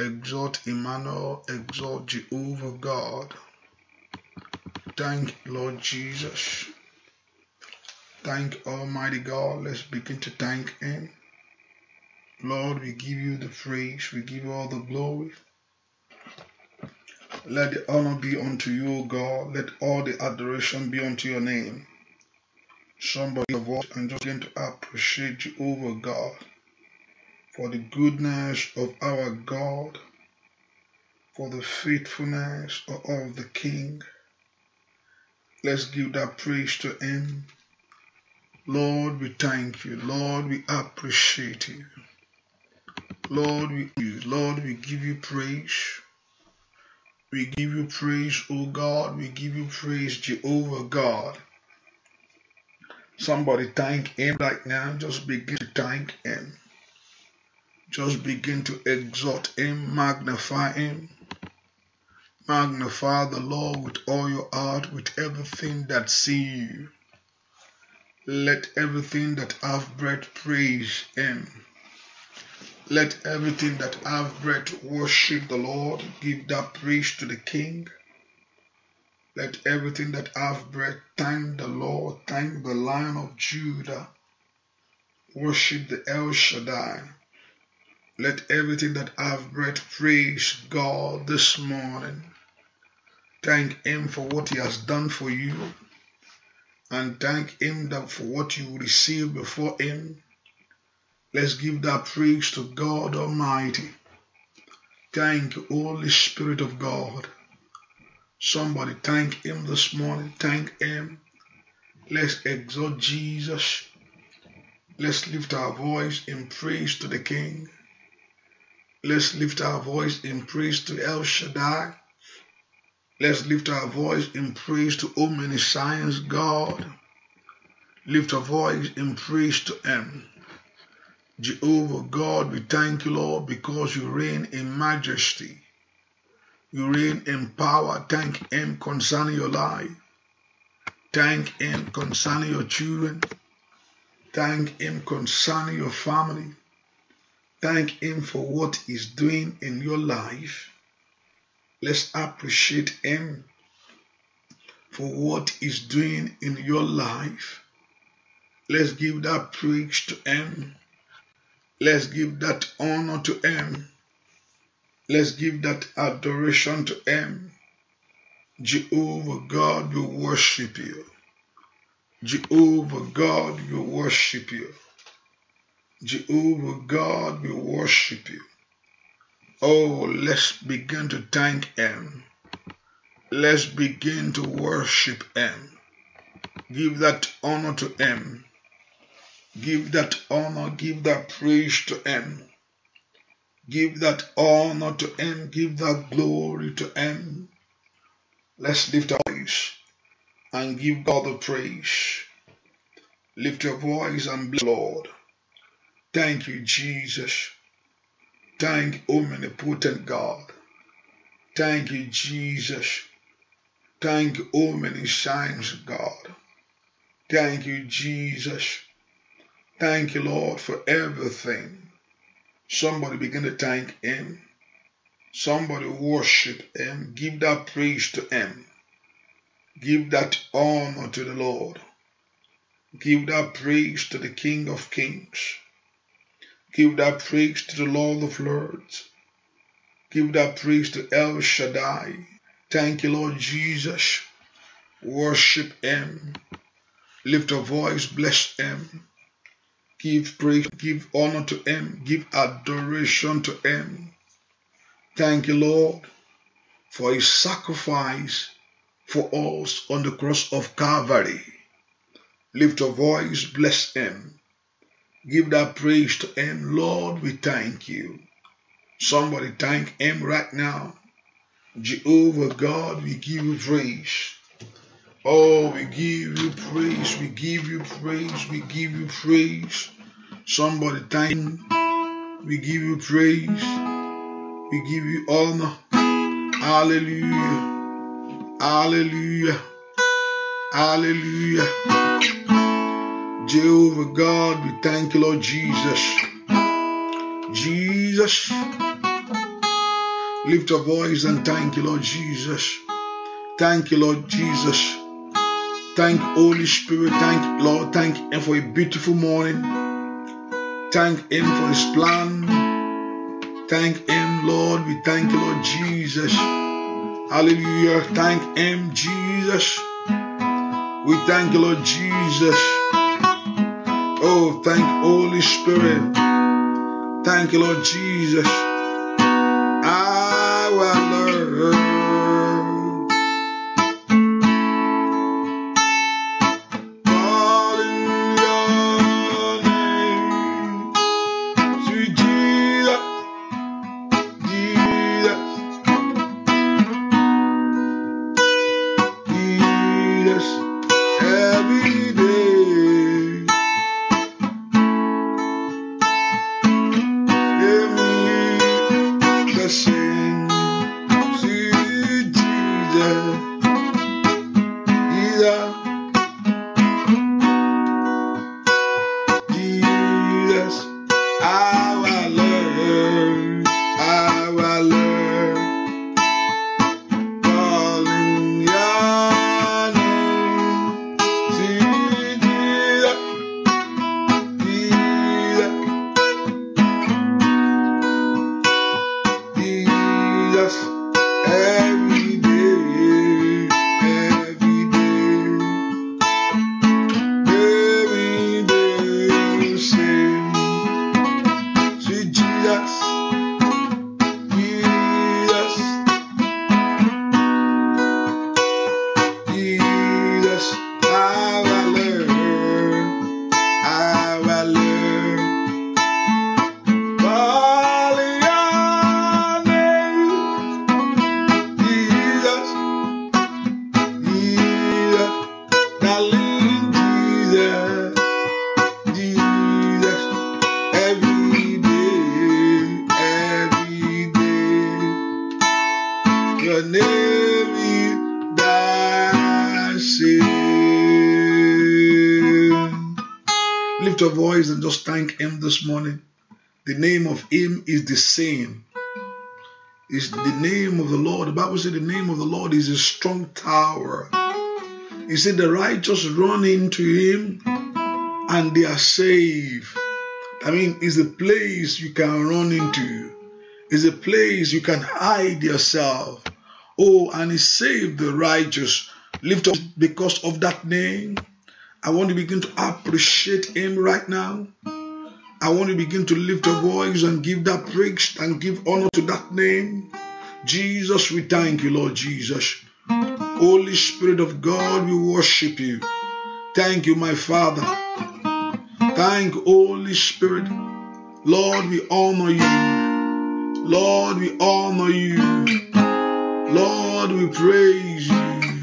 exalt Emmanuel, exalt Jehovah God. Thank Lord Jesus. Thank Almighty God. Let's begin to thank Him. Lord, we give you the praise, we give you all the glory. Let the honor be unto you, God. Let all the adoration be unto your name. Somebody voice and just begin to appreciate you over God for the goodness of our God, for the faithfulness of the King. Let's give that praise to Him. Lord, we thank you. Lord, we appreciate you. Lord, we you. Lord, we give you praise. We give you praise, O God. We give you praise, Jehovah God. Somebody thank Him right now. Just begin to thank Him. Just begin to exalt Him, magnify Him. Magnify the Lord with all your heart, with everything that see you. Let everything that have breath praise Him. Let everything that have breath worship the Lord. Give that praise to the King. Let everything that have breath thank the Lord. Thank the Lion of Judah. Worship the El Shaddai. Let everything that I've read praise God this morning. Thank Him for what He has done for you. And thank Him that for what you receive before Him. Let's give that praise to God Almighty. Thank you, Holy Spirit of God. Somebody thank Him this morning. Thank Him. Let's exalt Jesus. Let's lift our voice in praise to the King. Let's lift our voice in praise to El Shaddai. Let's lift our voice in praise to Science God. Lift our voice in praise to Him. Jehovah God, we thank you, Lord, because you reign in majesty. You reign in power. Thank Him concerning your life. Thank Him concerning your children. Thank Him concerning your family. Thank Him for what He's doing in your life. Let's appreciate Him for what He's doing in your life. Let's give that praise to Him. Let's give that honor to Him. Let's give that adoration to Him. Jehovah God, we worship you. Jehovah God, we worship you. Jehovah God, we worship you. Oh, let's begin to thank Him. Let's begin to worship Him. Give that honor to Him. Give that honor, give that praise to Him. Give that honor to Him, give that glory to Him. Let's lift our voice and give God the praise. Lift your voice and bless Lord. Thank you, Jesus. Thank omnipotent God. Thank you, Jesus. Thank omniscience God. Thank you, Jesus. Thank you, Lord, for everything. Somebody begin to thank Him. Somebody worship Him. Give that praise to Him. Give that honor to the Lord. Give that praise to the King of Kings. Give that praise to the Lord of Lords. Give that praise to El Shaddai. Thank you, Lord Jesus. Worship Him. Lift a voice, bless Him. Give praise, give honor to Him, give adoration to Him. Thank you, Lord, for His sacrifice for us on the cross of Calvary. Lift a voice, bless Him. Give that praise to Him. Lord, we thank you. Somebody thank Him right now. Jehovah God, we give you praise. Oh, we give you praise. We give you praise. We give you praise. Somebody thank Him. We give you praise. We give you honor. Hallelujah. Hallelujah. Hallelujah. Jehovah God, we thank you, Lord Jesus. Jesus, lift your voice and thank you, Lord Jesus. Thank you, Lord Jesus. Thank Holy Spirit. Thank Lord. Thank Him for a beautiful morning. Thank Him for His plan. Thank Him, Lord. We thank you, Lord Jesus. Hallelujah. Thank Him, Jesus. We thank you, Lord Jesus. Oh, thank Holy Spirit. Thank you, Lord Jesus. I will learn. just thank Him this morning. The name of Him is the same. Is the name of the Lord. The Bible says the name of the Lord is a strong tower. He said the righteous run into Him and they are safe. I mean, it's a place you can run into. It's a place you can hide yourself. Oh, and He saved the righteous. Lift up because of that name. I want to begin to appreciate Him right now. I want to begin to lift a voice and give that praise and give honor to that name. Jesus, we thank you, Lord Jesus. Holy Spirit of God, we worship you. Thank you, my Father. Thank Holy Spirit. Lord, we honor you. Lord, we honor you. Lord, we praise you.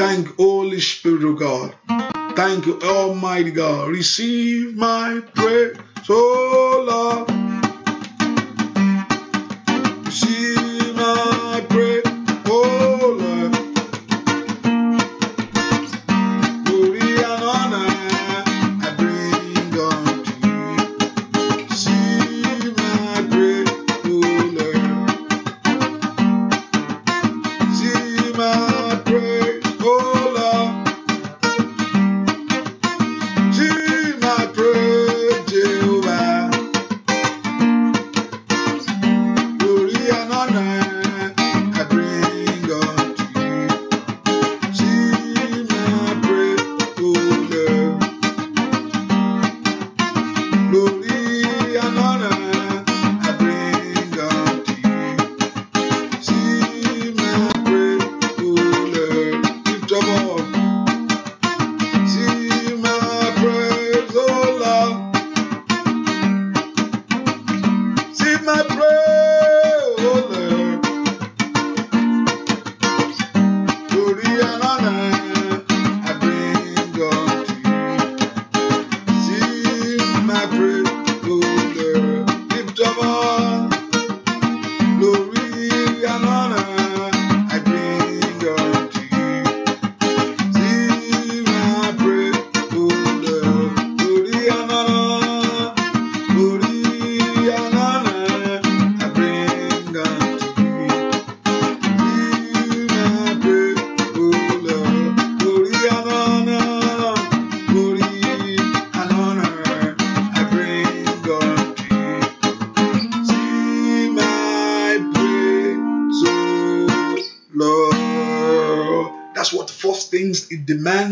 Thank Holy Spirit of God. Thank you, Almighty God. Receive my prayer, so oh Lord.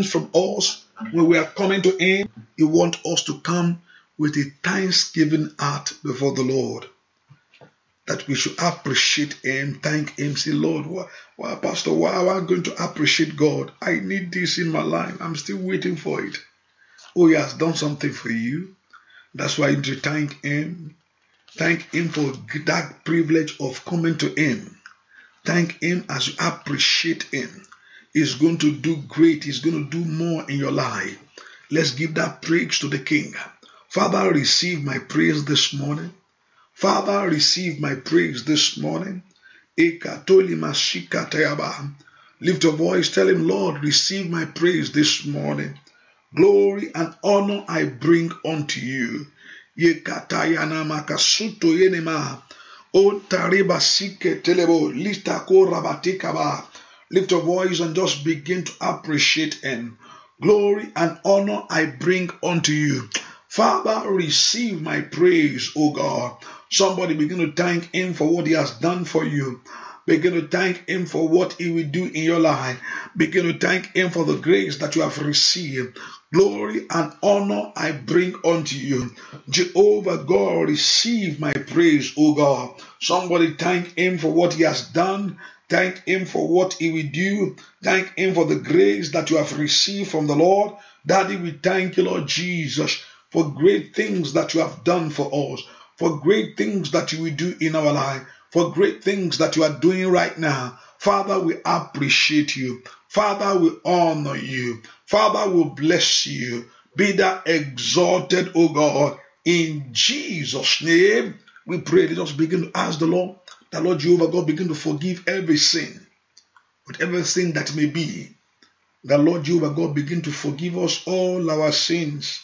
from us when we are coming to Him. He wants us to come with a thanksgiving heart before the Lord. That we should appreciate Him, thank Him, say, Lord, why, why, Pastor, why am I going to appreciate God? I need this in my life. I'm still waiting for it. Oh, He has done something for you. That's why you need thank Him. Thank Him for that privilege of coming to Him. Thank Him as you appreciate Him is going to do great, is going to do more in your life. Let's give that praise to the King. Father, receive my praise this morning. Father, receive my praise this morning. Lift your voice, tell him, Lord, receive my praise this morning. Glory and honor I bring unto you. O tariba sike telebo lita ko rabatikaba. Lift your voice and just begin to appreciate Him. Glory and honor I bring unto you. Father, receive my praise, O God. Somebody begin to thank Him for what He has done for you. Begin to thank Him for what He will do in your life. Begin to thank Him for the grace that you have received. Glory and honor I bring unto you. Jehovah God, receive my praise, O God. Somebody thank Him for what He has done. Thank Him for what He will do. Thank Him for the grace that you have received from the Lord. Daddy, we thank you, Lord Jesus, for great things that you have done for us, for great things that you will do in our life, for great things that you are doing right now. Father, we appreciate you. Father, we honor you. Father, we bless you. Be thou exalted, O God, in Jesus' name we pray, let us begin to ask the Lord, that Lord Jehovah God begin to forgive every sin, whatever sin that may be. That Lord Jehovah God begin to forgive us all our sins.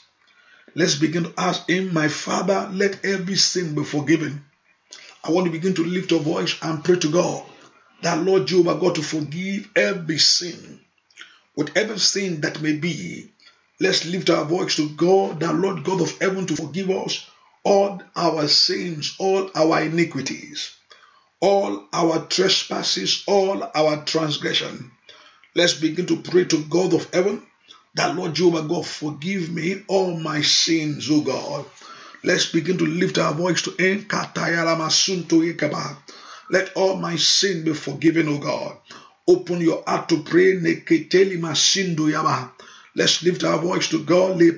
Let's begin to ask Him, My Father, let every sin be forgiven. I want to begin to lift our voice and pray to God that Lord Jehovah God to forgive every sin, whatever sin that may be. Let's lift our voice to God, that Lord God of heaven to forgive us all our sins, all our iniquities, all our trespasses, all our transgression. Let's begin to pray to God of heaven that Lord Jehovah God forgive me all my sins, O God. Let's begin to lift our voice to Enkatayalamasunto Let all my sin be forgiven, O God. Open your heart to pray. Let's lift our voice to God. Le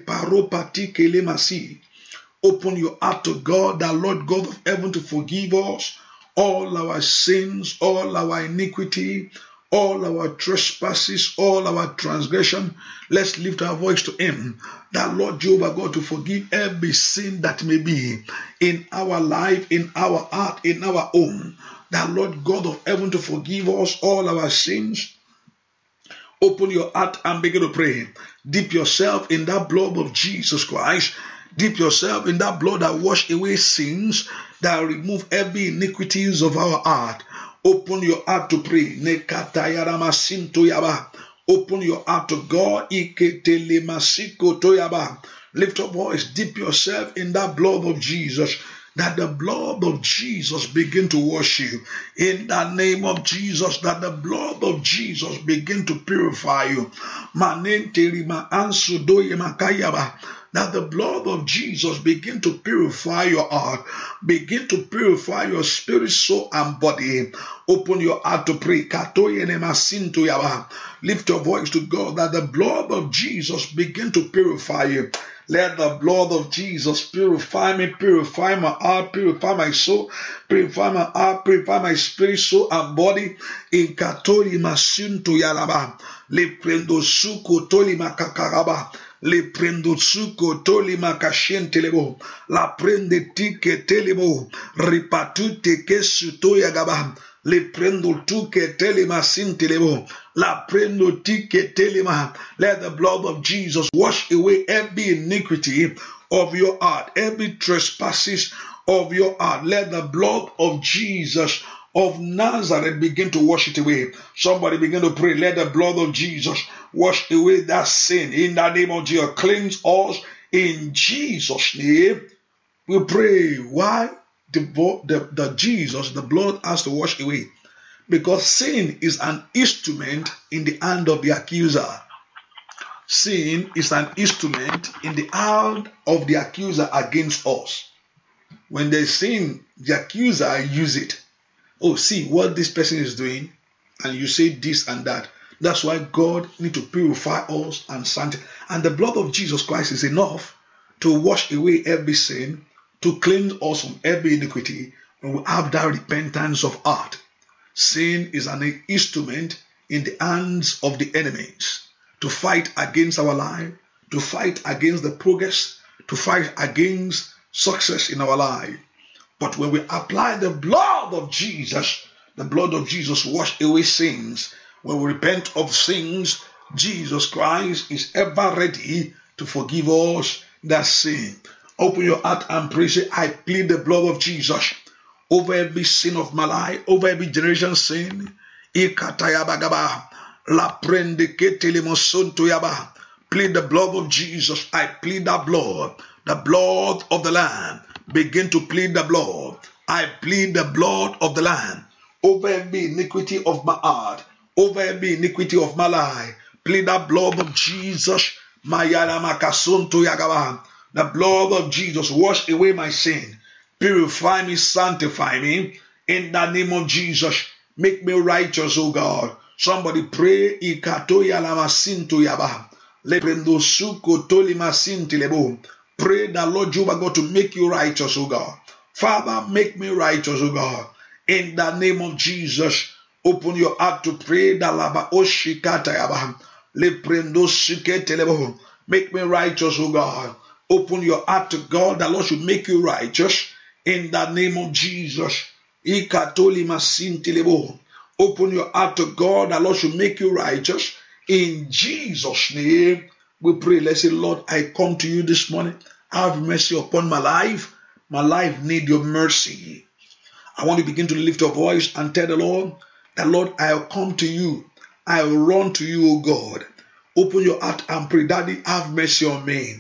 Open your heart to God, the Lord God of heaven, to forgive us all our sins, all our iniquity, all our trespasses, all our transgression. Let's lift our voice to Him. That Lord Jehovah God to forgive every sin that may be in our life, in our heart, in our home. That Lord God of heaven to forgive us all our sins. Open your heart and begin to pray. Dip yourself in that blood of Jesus Christ Dip yourself in that blood that wash away sins, that remove every iniquities of our heart. Open your heart to pray. Open your heart to God. Lift up voice. Dip yourself in that blood of Jesus that the blood of Jesus begin to wash you. In the name of Jesus, that the blood of Jesus begin to purify you. that the blood of Jesus begin to purify your heart, begin to purify your spirit, soul, and body. Open your heart to pray. Lift your voice to God that the blood of Jesus begin to purify you. Let the blood of Jesus purify me, purify my heart, purify my soul, purify my heart, purify my spirit, soul, and body. In Katori Masunto Yalaba, prendo Suko Toli Makakaraba. le la prende tike telebo ripatute kesu toya gaba le prendo tuke telema la prendo tike telema let the blood of Jesus wash away every iniquity of your heart every trespasses of your heart let the blood of Jesus of Nazareth begin to wash it away. Somebody begin to pray, let the blood of Jesus wash away that sin in the name of Jesus. Cleanse us in Jesus' name. We pray. Why? The, the, the Jesus, the blood has to wash away. Because sin is an instrument in the hand of the accuser. Sin is an instrument in the hand of the accuser against us. When they sin, the accuser use it oh, see what this person is doing, and you say this and that. That's why God need to purify us and sanctify. And the blood of Jesus Christ is enough to wash away every sin, to cleanse us from every iniquity, when we have that repentance of heart. Sin is an instrument in the hands of the enemies to fight against our life, to fight against the progress, to fight against success in our life. But when we apply the blood of Jesus, the blood of Jesus wash away sins. When we repent of sins, Jesus Christ is ever ready to forgive us that sin. Open your heart and pray. Say, I plead the blood of Jesus over every sin of my life, over every generation sin. La Plead the blood of Jesus. I plead the blood, the blood of the Lamb, Begin to plead the blood. I plead the blood of the Lamb over every iniquity of my heart, over every iniquity of my life. Plead the blood of Jesus. The blood of Jesus wash away my sin, purify me, sanctify me in the name of Jesus. Make me righteous, O God. Somebody pray. Ikatoya lama sinto yaba. Leprendo suko tolima sintilebo. Pray that, Lord, you God to make you righteous, O God. Father, make me righteous, O God. In the name of Jesus, open your heart to pray. Make me righteous, O God. Open your heart to God. The Lord should make you righteous. In the name of Jesus. Open your heart to God. The Lord should make you righteous. In Jesus' name we pray, let's say, Lord, I come to you this morning. Have mercy upon my life. My life need your mercy. I want to begin to lift your voice and tell the Lord that, Lord, I'll come to you. I'll run to you, O God. Open your heart and pray, Daddy, have mercy on me.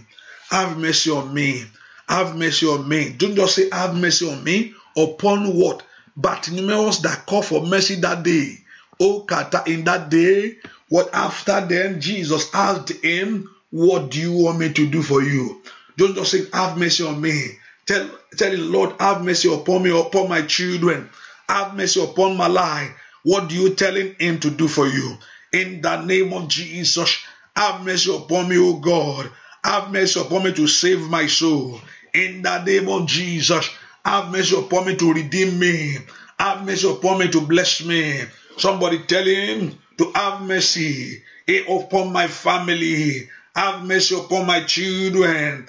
Have mercy on me. Have mercy on me. Don't just say, Have mercy on me. Upon what? But numerous that call for mercy that day. Oh, Kata, in that day, what after then Jesus asked him, What do you want me to do for you? Don't just say, Have mercy on me. Tell, tell the Lord, Have mercy upon me, upon my children. Have mercy upon my life. What do you telling him to do for you? In the name of Jesus, have mercy upon me, O God. Have mercy upon me to save my soul. In the name of Jesus, have mercy upon me to redeem me. Have mercy upon me to bless me. Somebody tell him, to have mercy upon my family. Have mercy upon my children.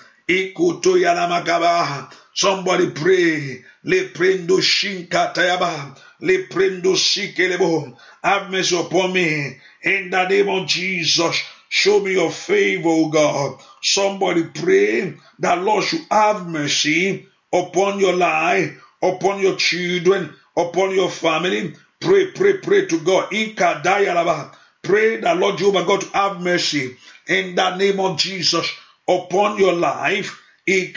Somebody pray. Le prendo shinka tayaba. Le prendo shikelebo. Have mercy upon me. In the name of Jesus. Show me your favor, O God. Somebody pray that Lord should have mercy upon your life, upon your children, upon your family, Pray, pray, pray to God. Pray that Lord Jehovah God to have mercy in the name of Jesus upon your life. Open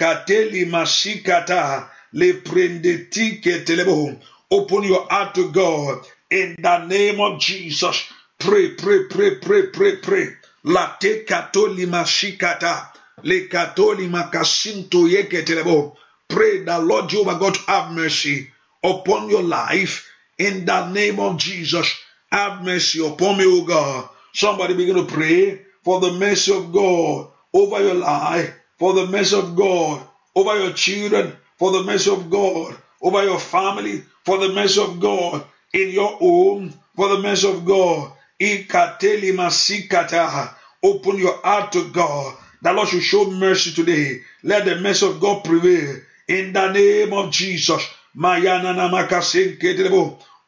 your heart to God in the name of Jesus. Pray, pray, pray, pray, pray, pray. La te katoli mashikata. Le katoli makasinto yeketelebo. Pray that Lord Jehovah God have mercy upon your life In the name of Jesus, have mercy upon me, O God. Somebody begin to pray for the mercy of God over your life, for the mercy of God over your children, for the mercy of God over your family, for the mercy of God in your home, for the mercy of God. Open your heart to God. The Lord should show mercy today. Let the mercy of God prevail. In the name of Jesus.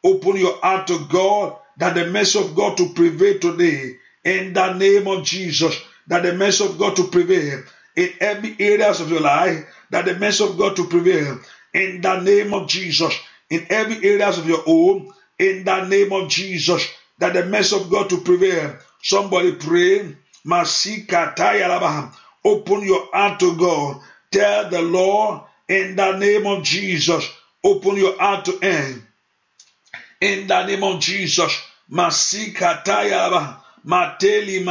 Open your heart to God that the mercy of God to prevail today in the name of Jesus. That the mercy of God to prevail in every areas of your life. That the mercy of God to prevail in the name of Jesus. In every areas of your home, in the name of Jesus. That the mercy of God to prevail. Somebody pray. Open your heart to God. Tell the Lord in the name of Jesus. Open your heart to Him In the name of Jesus. Masikatayaba. Mateli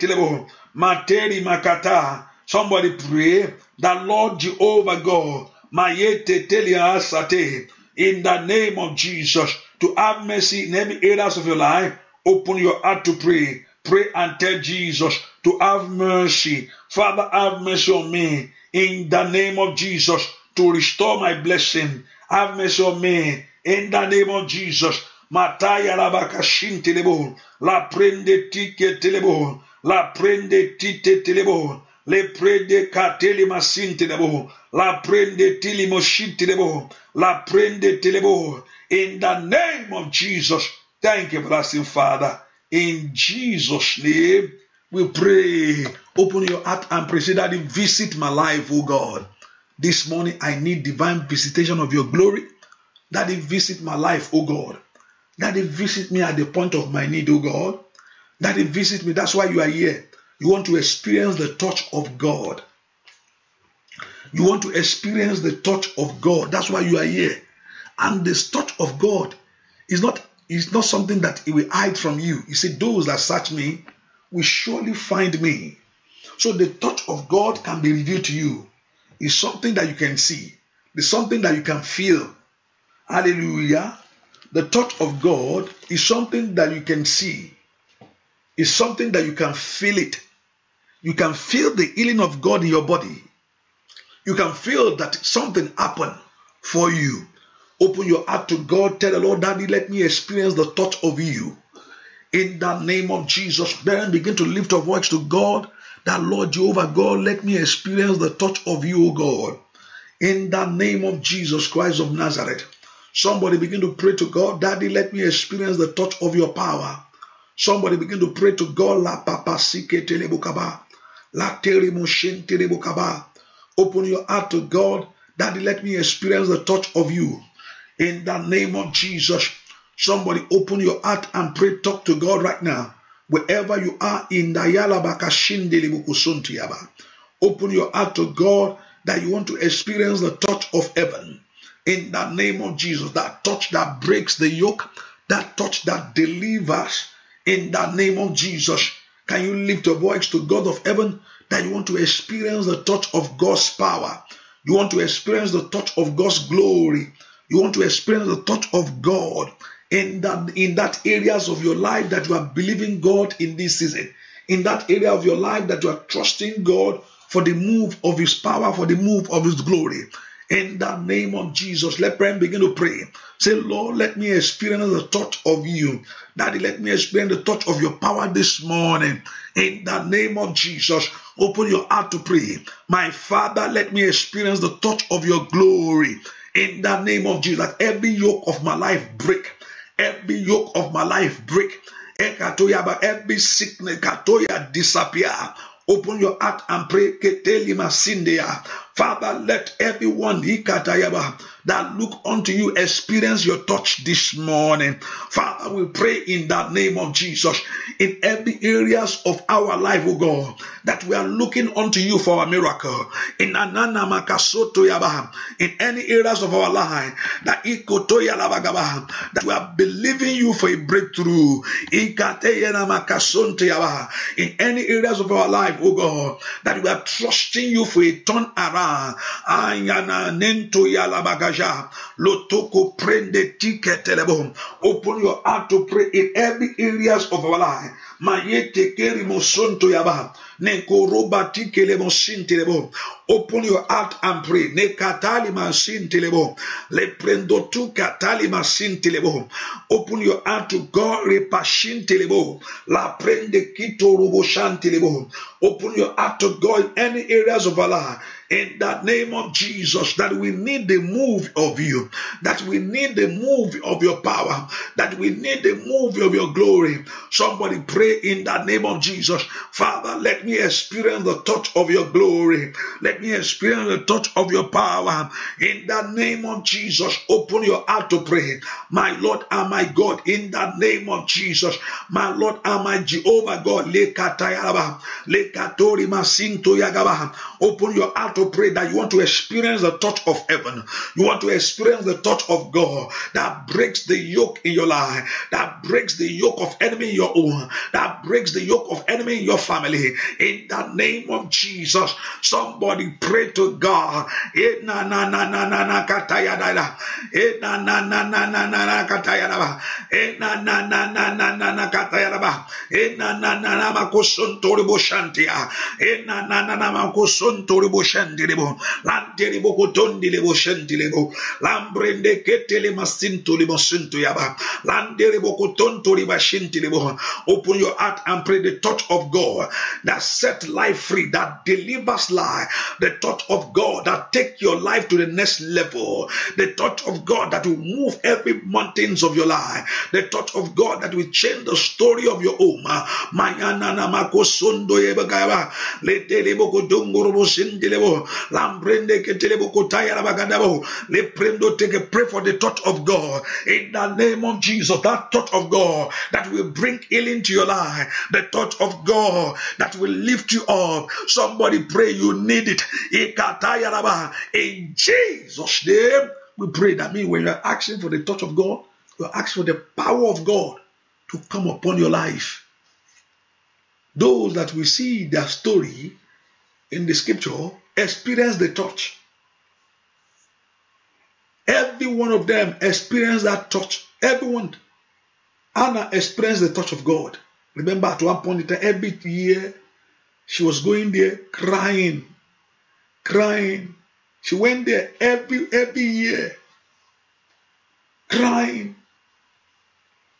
telebo, Mateli makata. Somebody pray The Lord Jehovah God. Mayete teliasate. In the name of Jesus. To have mercy in every areas of your life. Open your heart to pray. Pray and tell Jesus to have mercy. Father, have mercy on me. In the name of Jesus. To restore my blessing. Have mercy on me In the name of Jesus. Mataya la bakashin telebon. La prende tike telebon. La prende tite telebon. Le prende katele masin telebon. La prende tilimoshin telebon. La prende telebon. In the name of Jesus. Thank you, blessing Father. In Jesus' name, we pray. Open your heart and pray. that you visit my life, oh God. This morning, I need divine visitation of your glory that they visit my life, oh God. That they visit me at the point of my need, oh God. That they visit me. That's why you are here. You want to experience the touch of God. You want to experience the touch of God. That's why you are here. And this touch of God is not, is not something that He will hide from you. You see, those that search me will surely find me. So the touch of God can be revealed to you. It's something that you can see. It's something that you can feel. Hallelujah. The touch of God is something that you can see, is something that you can feel it. You can feel the healing of God in your body. You can feel that something happened for you. Open your heart to God. Tell the Lord, Daddy, let me experience the touch of you. In the name of Jesus, then begin to lift your voice to God. That Lord Jehovah God, let me experience the touch of you, O God. In the name of Jesus Christ of Nazareth. Somebody begin to pray to God, Daddy, let me experience the touch of your power. Somebody begin to pray to God, La Papa La Open your heart to God, Daddy, let me experience the touch of you. In the name of Jesus, somebody open your heart and pray, talk to God right now. Wherever you are, in Open your heart to God that you want to experience the touch of heaven in the name of Jesus. That touch that breaks the yoke, that touch that delivers in the name of Jesus. Can you lift your voice to God of heaven that you want to experience the touch of God's power? You want to experience the touch of God's glory. You want to experience the touch of God in that in that areas of your life that you are believing God in this season. In that area of your life that you are trusting God for the move of his power, for the move of his glory in the name of Jesus. Let prayer begin to pray. Say, Lord, let me experience the touch of you. Daddy, let me experience the touch of your power this morning. In the name of Jesus, open your heart to pray. My Father, let me experience the touch of your glory. In the name of Jesus, let every yoke of my life break. Every yoke of my life break. Every sickness disappear. Open your heart and pray. Father, let everyone that look unto you experience your touch this morning. Father, we pray in the name of Jesus in every areas of our life, O God, that we are looking unto you for a miracle. In in any areas of our life, that that we are believing you for a breakthrough. In any areas of our life, O God, that we are trusting you for a turn around. Yalaba, Ayana Nento Yalabagaja, Lotoko Prende Tiketelebo. Open your heart to pray in every areas of our life. Mayete Kerimo Sonto Yaba. Open your heart and pray. Open your heart to God. Open your heart to God any areas of Allah in the name of Jesus that we need the move of you, that we need the move of your power, that we need the move of your glory. Somebody pray in the name of Jesus. Father, let me me experience the touch of your glory. Let me experience the touch of your power. In the name of Jesus, open your heart to pray. My Lord and my God, in the name of Jesus, my Lord and my Jehovah God, Open your heart to pray that you want to experience the touch of heaven. You want to experience the touch of God that breaks the yoke in your life, that breaks the yoke of enemy in your own, that breaks the yoke of enemy in your family. In the name of Jesus, somebody pray to God. na na na na na na lambrende masinto sinto yaba open your heart and pray the touch of God that set life free that delivers life the touch of God that take your life to the next level the touch of God that will move every mountains of your life the touch of God that will change the story of your home sondo yebagaba pray for the thought of God in the name of Jesus. That thought of God that will bring healing to your life, the thought of God that will lift you up. Somebody pray, you need it. In Jesus' name, we pray. That means when you're asking for the touch of God, you're asking for the power of God to come upon your life. Those that we see their story, in the scripture experienced the touch. Every one of them experienced that touch. Everyone. Anna experienced the touch of God. Remember, at one point every year she was going there crying, crying. She went there every every year, crying.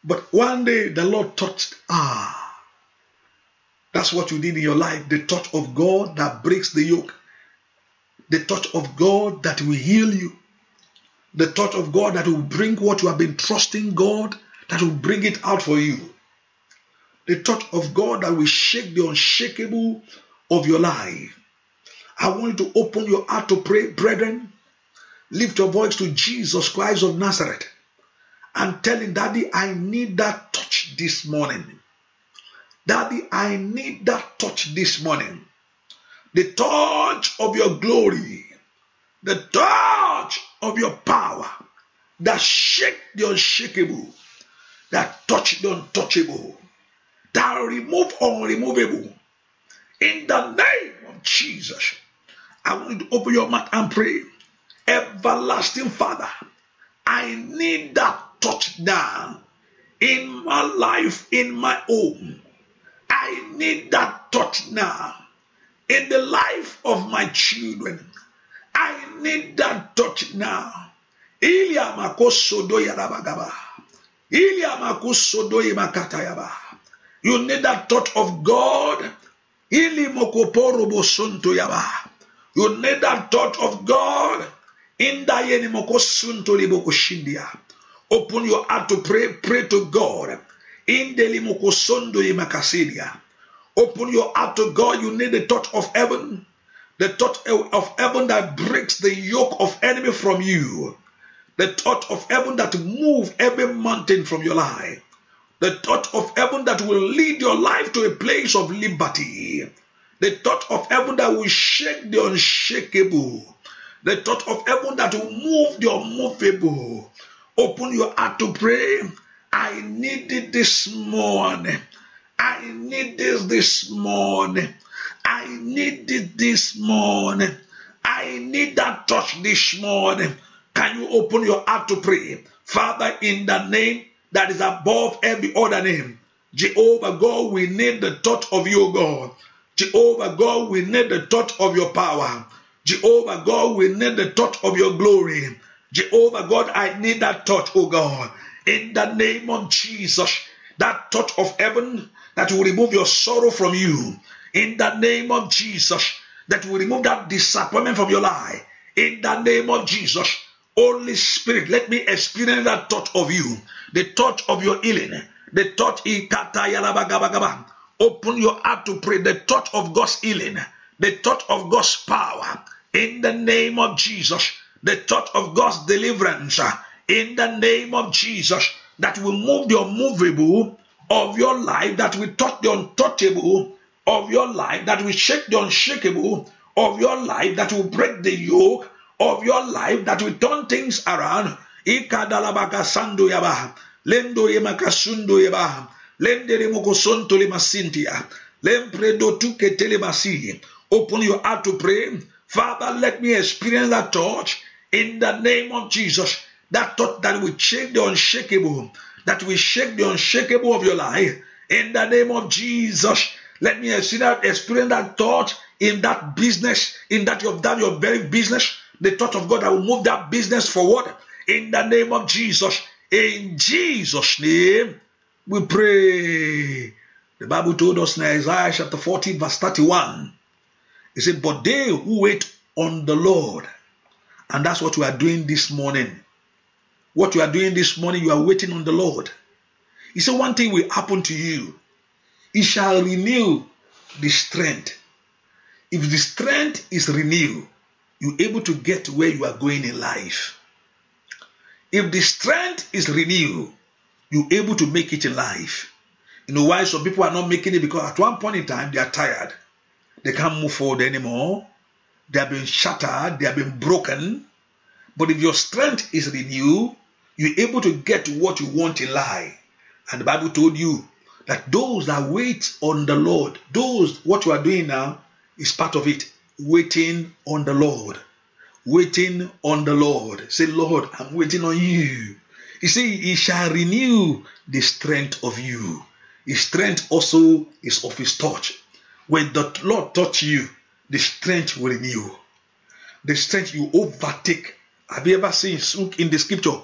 But one day the Lord touched her. That's what you need in your life the touch of God that breaks the yoke, the touch of God that will heal you, the touch of God that will bring what you have been trusting God, that will bring it out for you, the touch of God that will shake the unshakable of your life. I want you to open your heart to pray, brethren. Lift your voice to Jesus Christ of Nazareth and tell him, Daddy, I need that touch this morning. Daddy, I need that touch this morning. The touch of your glory, the touch of your power that shake the unshakable, that touch the untouchable, that remove unremovable. In the name of Jesus, I want you to open your mouth and pray. Everlasting Father, I need that touch down in my life, in my home. I need that touch now in the life of my children. I need that touch now. Ilia makosodo yarabagaba. Ilya makosodo yemakatayaba. You need that touch of God. Ili mokoporobo sunto yaba. You need that touch of God. Inda yeni mokosunto libokoshindia. Open your heart to pray. Pray to God. Open your heart to God. You need the touch of heaven. The touch of heaven that breaks the yoke of enemy from you. The touch of heaven that move every mountain from your life. The touch of heaven that will lead your life to a place of liberty. The touch of heaven that will shake the unshakable. The touch of heaven that will move the unmovable. Open your heart to pray. I need it this morning. I need this this morning. I need it this morning. I need that touch this morning. Can you open your heart to pray? Father, in the name that is above every other name, Jehovah God, we need the touch of you, God. Jehovah God, we need the touch of your power. Jehovah God, we need the touch of your glory. Jehovah God, I need that touch, oh God in the name of Jesus. That touch of heaven that will remove your sorrow from you in the name of Jesus. That will remove that disappointment from your life in the name of Jesus. Holy Spirit, let me experience that touch of you, the touch of your healing, the touch. Open your heart to pray, the touch of God's healing, the touch of God's power in the name of Jesus, the touch of God's deliverance in the name of Jesus that will move the unmovable of your life, that will touch the untouchable of your life, that will shake the unshakable of your life, that will break the yoke of your life, that will turn things around. Lendo yemakasundo yeba, lendere le masintia, tuke Open your heart to pray. Father, let me experience that touch in the name of Jesus. That thought that will shake the unshakable, that will shake the unshakable of your life. In the name of Jesus, let me see that experience that thought in that business, in that you've done your very business, the thought of God that will move that business forward. In the name of Jesus, in Jesus' name, we pray. The Bible told us in Isaiah chapter 14, verse 31. It said, But they who wait on the Lord, and that's what we are doing this morning what you are doing this morning, you are waiting on the Lord. He said, One thing will happen to you, He shall renew the strength. If the strength is renewed, you're able to get where you are going in life. If the strength is renewed, you're able to make it in life. You know why some people are not making it because at one point in time they are tired. They can't move forward anymore. They have been shattered, they have been broken. But if your strength is renewed, you're able to get what you want in life. And the Bible told you that those that wait on the Lord, those what you are doing now is part of it. Waiting on the Lord. Waiting on the Lord. Say, Lord, I'm waiting on you. He see, He shall renew the strength of you. His strength also is of his touch. When the Lord touch you, the strength will renew. The strength you overtake. Have you ever seen in the scripture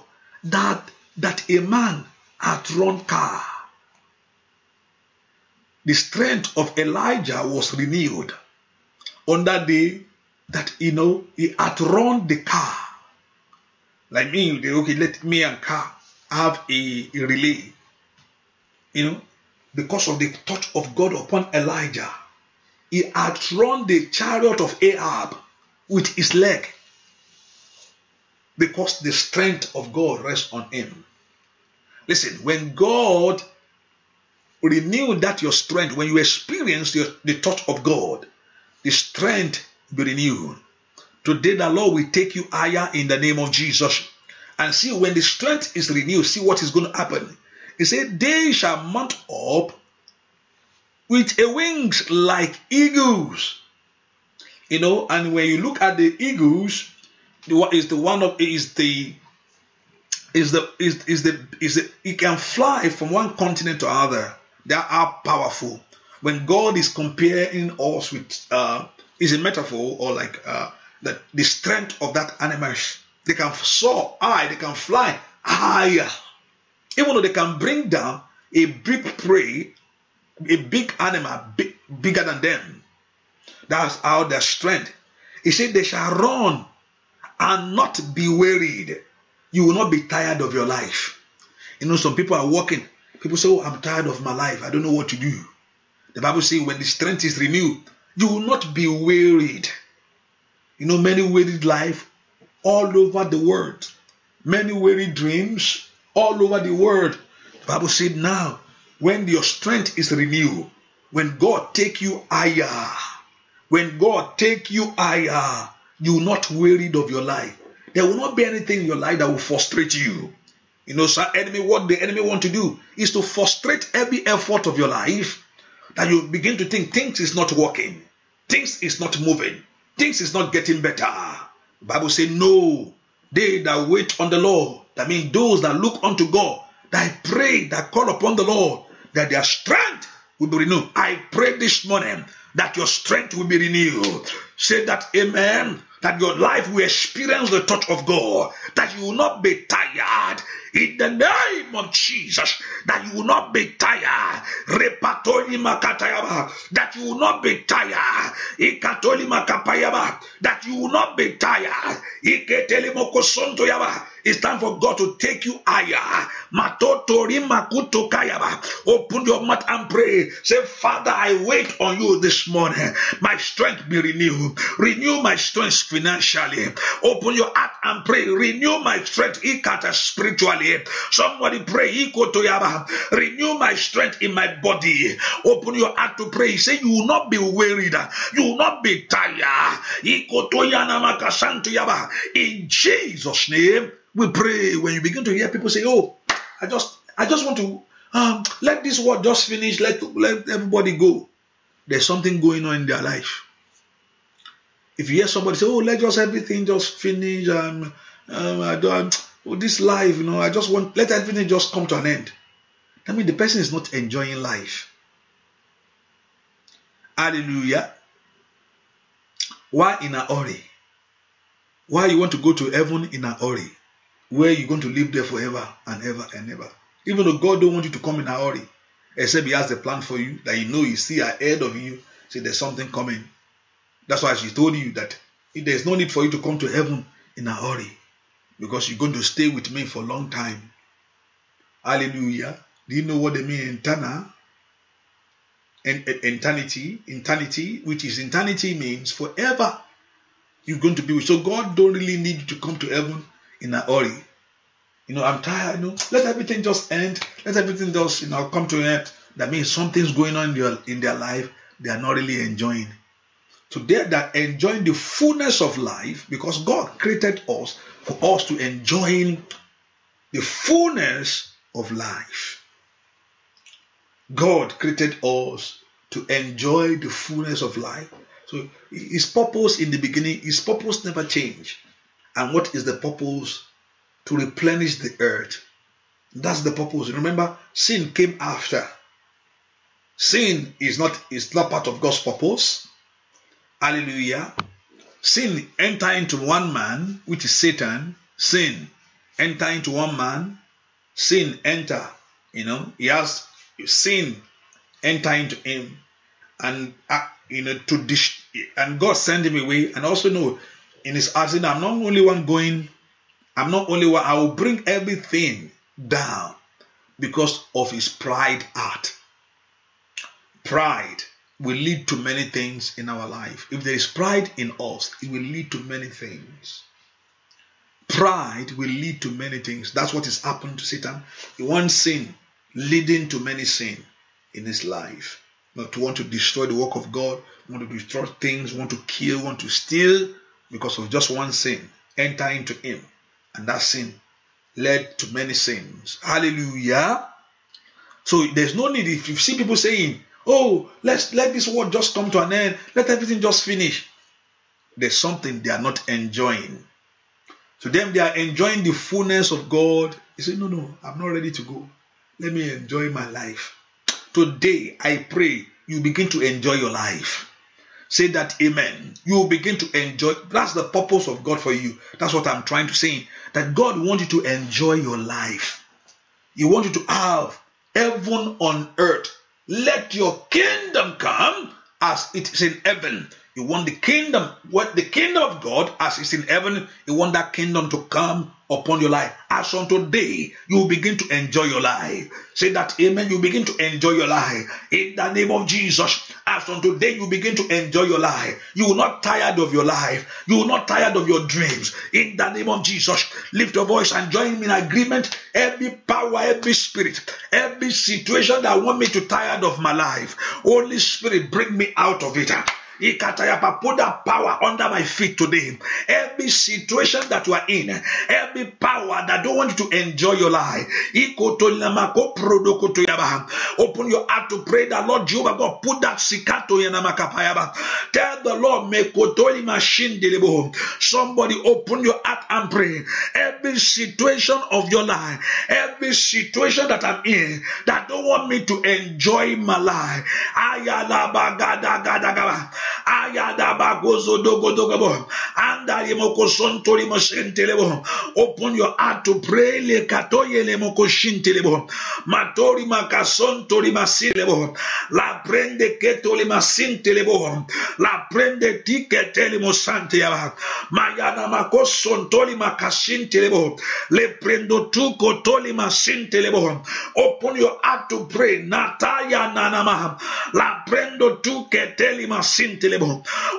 that, that a man had run car. The strength of Elijah was renewed on that day that you know he had run the car. Like me, they okay, let me and car have a, a relay. You know, because of the touch of God upon Elijah, he had run the chariot of Ahab with his leg because the strength of God rests on him. Listen, when God renewed that your strength, when you experience the, the touch of God, the strength be renewed. Today, the Lord will take you higher in the name of Jesus. And see, when the strength is renewed, see what is going to happen. He said, They shall mount up with a wings like eagles. You know, and when you look at the eagles, is the one of is the is the is, is the is the it can fly from one continent to other. They are powerful. When God is comparing us with uh, is a metaphor or like uh, the, the strength of that animal, they can soar high, they can fly higher. Even though they can bring down a big prey, a big animal big, bigger than them. That's how their strength. He said they shall run and not be wearied. You will not be tired of your life. You know, some people are walking. People say, Oh, I'm tired of my life. I don't know what to do. The Bible says, When the strength is renewed, you will not be wearied. You know, many wearied life all over the world, many weary dreams all over the world. The Bible said, Now, when your strength is renewed, when God take you higher, when God take you higher, you will not wearied of your life. There will not be anything in your life that will frustrate you. You know, sir, enemy, what the enemy want to do is to frustrate every effort of your life that you begin to think things is not working, things is not moving, things is not getting better. The Bible say no, they that wait on the Lord, that means those that look unto God, that pray, that call upon the Lord, that their strength will be renewed. I pray this morning that your strength will be renewed. Say that amen that your life will experience the touch of God, that you will not be tired in the name of Jesus that you will not be tired. That you will not be tired. That you will not be tired. It's time for God to take you higher. Open your mouth and pray. Say, Father, I wait on you this morning. My strength be renewed. Renew my strength financially. Open your heart and pray. Renew my strength spiritually. Somebody pray. Renew my strength in my body. Open your heart to pray. Say, You will not be wearied. You will not be tired. In Jesus' name, we pray. When you begin to hear people say, Oh, I just I just want to um, let this word just finish. Let, let everybody go. There's something going on in their life. If you hear somebody say, "Oh, let just everything just finish," um, um, I don't, oh, this life, you know, I just want, let everything just come to an end. I mean, the person is not enjoying life. Hallelujah. Why in a hurry? Why you want to go to heaven in a hurry? Where you going to live there forever and ever and ever? Even though God don't want you to come in a hurry, except He has a plan for you that you know you see ahead of you. See, there's something coming. That's why she told you that there's no need for you to come to heaven in a hurry because you're going to stay with me for a long time. Hallelujah. Do you know what they mean internal? And eternity, eternity, which is eternity means forever. You're going to be with. So God don't really need you to come to heaven in a hurry. You know, I'm tired. You know, let everything just end. Let everything just you know come to an end. That means something's going on in their in their life. They are not really enjoying. So they are enjoying the fullness of life because God created us for us to enjoy the fullness of life. God created us to enjoy the fullness of life. So his purpose in the beginning, his purpose never changed. And what is the purpose? To replenish the earth. That's the purpose. Remember, sin came after. Sin is not is not part of God's purpose. Hallelujah. Sin enter into one man, which is Satan. Sin enter into one man. Sin enter. You know, he has sin enter into him, and uh, you know to dis- and God send him away. And also know in his heart, I'm not only one going. I'm not only one. I will bring everything down because of his pride heart. Pride will lead to many things in our life. If there is pride in us, it will lead to many things. Pride will lead to many things. That's what has happened to Satan. One sin leading to many sin in his life. Not to want to destroy the work of God, want to destroy things, want to kill, want to steal because of just one sin. Enter into him. And that sin led to many sins. Hallelujah. So there's no need if you see people saying Oh, let's let this war just come to an end. Let everything just finish. There's something they are not enjoying. To them, they are enjoying the fullness of God. He said, No, no, I'm not ready to go. Let me enjoy my life. Today, I pray you begin to enjoy your life. Say that, Amen. You begin to enjoy. That's the purpose of God for you. That's what I'm trying to say. That God wants you to enjoy your life. He wants you to have heaven on earth let your kingdom come as it is in heaven. You want the kingdom, what the kingdom of God as it's in heaven, you want that kingdom to come upon your life. As on today, you begin to enjoy your life. Say that, Amen. You begin to enjoy your life in the name of Jesus. As on today, you begin to enjoy your life. You will not tired of your life. You will not tired of your dreams. In the name of Jesus, lift your voice and join me in agreement. Every power, every spirit, every situation that want me to tired of my life, Holy Spirit, bring me out of it. Put that power under my feet today. Every situation that you are in, every power that don't want you to enjoy your life. Open your heart to pray that Lord Jehovah God put that sikato yanamakapayaba. Tell the Lord mekotoli machine delebo. Somebody open your heart and pray. Every situation of your life, every situation that I'm in that don't want me to enjoy my life. Ayala bagada gada gada. Open your heart to pray. Matori makason tori masilebo. La prende que toli masintelebo. La prende ti que telimo santiaba. Mayana makoson toli makasintelebo. Le prendo tu kotoli masintelebo. Open your heart to pray. Nataya nanama. La prendo tu que telima sin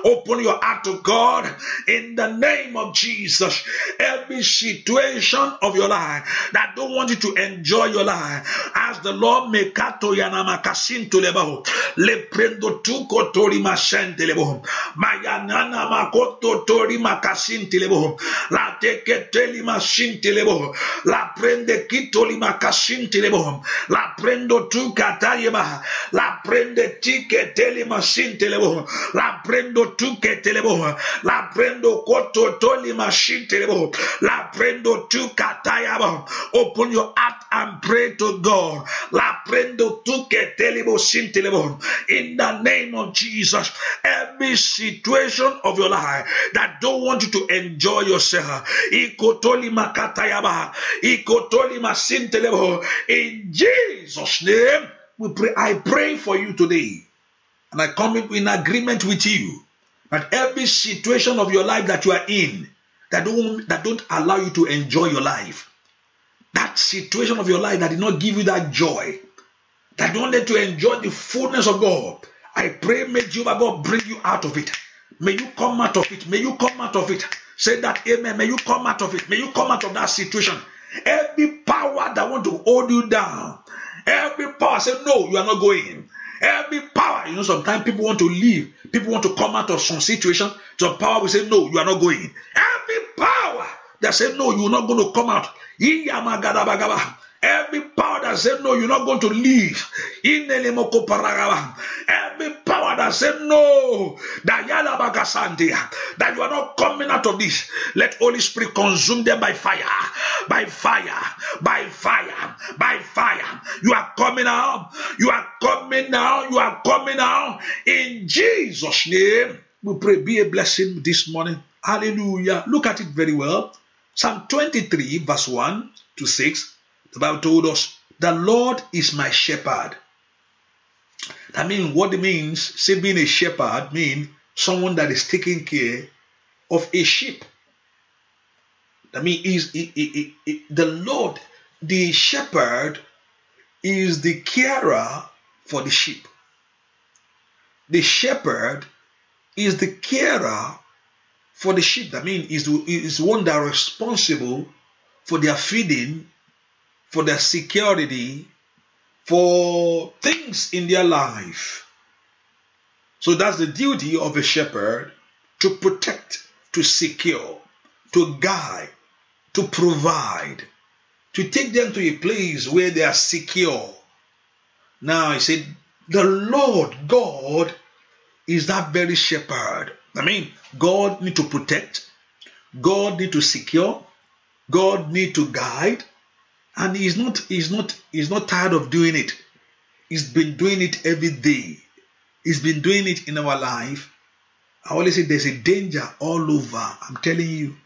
Open your heart to God in the name of Jesus. Every situation of your life that don't want you to enjoy your life, as the Lord make kato yanamakasin to lebaho, le prendo tu kotori masen telebo, mayanana makoto tori makasin telebo, la teke teli masin telebo, la prende kito lima kasin telebo, la prendo tu katayeba, la prende tike teli masin telebo, la prendo tu que telebo la prendo koto toli machine telebo la prendo tu katayaba open your heart and pray to God la prendo tu que telebo sin telebo in the name of Jesus every situation of your life that don't want you to enjoy yourself ikotoli makatayaba ikotoli masin telebo in Jesus name we pray I pray for you today and I come in agreement with you that every situation of your life that you are in that don't, that don't allow you to enjoy your life, that situation of your life that did not give you that joy, that don't let you enjoy the fullness of God, I pray may Jehovah God bring you out of it. May you come out of it. May you come out of it. Say that amen. May you come out of it. May you come out of that situation. Every power that want to hold you down, every power say no, you are not going. Every power, you know, sometimes people want to leave, people want to come out of some situation. Some power will say, No, you are not going. Every power that say, No, you are not going to come out. Every power that said no, you're not going to leave. Every power that said no, that you are not coming out of this. Let Holy Spirit consume them by fire, by fire, by fire, by fire. You are coming out. You are coming now. You are coming out. In Jesus' name, we pray. Be a blessing this morning. Hallelujah. Look at it very well. Psalm 23, verse 1 to 6. The Bible told us, The Lord is my shepherd. I mean, what it means, say being a shepherd, mean someone that is taking care of a sheep. I mean, is the Lord, the shepherd, is the carer for the sheep. The shepherd is the carer for the sheep. I mean, is is one that responsible for their feeding for their security, for things in their life. So that's the duty of a shepherd to protect, to secure, to guide, to provide, to take them to a place where they are secure. Now he said, The Lord God is that very shepherd. I mean, God need to protect, God need to secure, God need to guide, and he's not he's not he's not tired of doing it he's been doing it every day he's been doing it in our life i always say there's a danger all over i'm telling you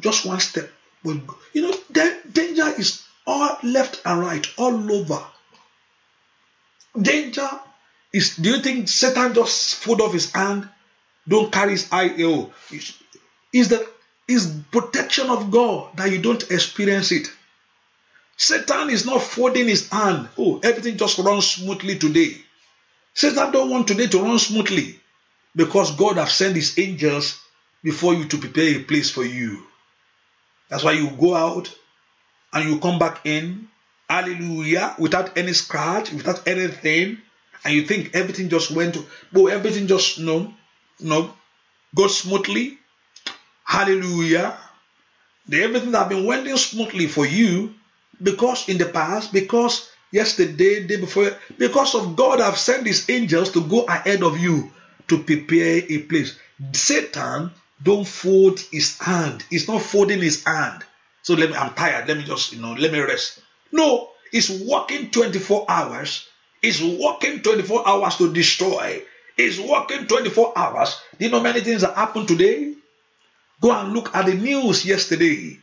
just one step will you know danger is all left and right all over danger is do you think satan just fold off his hand don't carry his eye oh is the is protection of god that you don't experience it Satan is not folding his hand. Oh, everything just runs smoothly today. Satan don't want today to run smoothly because God have sent his angels before you to prepare a place for you. That's why you go out and you come back in, hallelujah, without any scratch, without anything, and you think everything just went, oh, everything just, no, no, go smoothly, hallelujah. The everything that have been went smoothly for you because in the past, because yesterday, day before, because of God, I've sent his angels to go ahead of you to prepare a place. Satan don't fold his hand. He's not folding his hand. So let me, I'm tired. Let me just, you know, let me rest. No, he's working 24 hours. He's working 24 hours to destroy. He's working 24 hours. Do you know many things that happened today? Go and look at the news yesterday.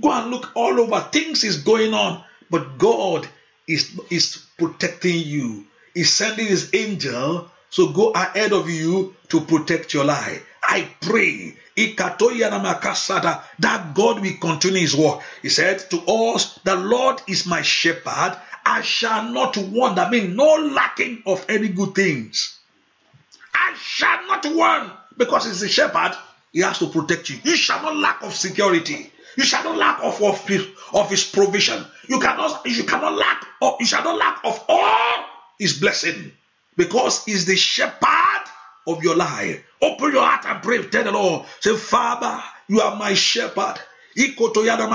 Go and look all over. Things is going on, but God is, is protecting you. He's sending his angel so go ahead of you to protect your life. I pray that God will continue his work. He said to us, The Lord is my shepherd. I shall not want. I mean, no lacking of any good things. I shall not want because he's a shepherd. He has to protect you. You shall not lack of security. You shall not lack of, of, of his provision. You cannot you cannot lack of you shall not lack of all his blessing because he's the shepherd of your life. Open your heart and pray. Tell the Lord, say, Father, you are my shepherd. Open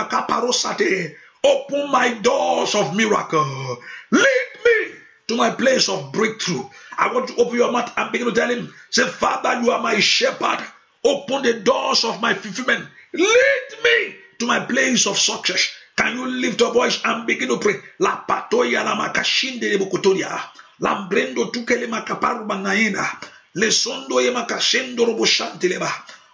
my doors of miracle. Lead me to my place of breakthrough. I want to open your mouth and begin to tell him, say, Father, you are my shepherd. Open the doors of my fulfillment. Lead me to my place of success. Can you lift your voice and begin to pray? La patoya la makashinde le la Lambrendo tukele makaparu bangaina. Lesondo ye makashendo roboshantileba.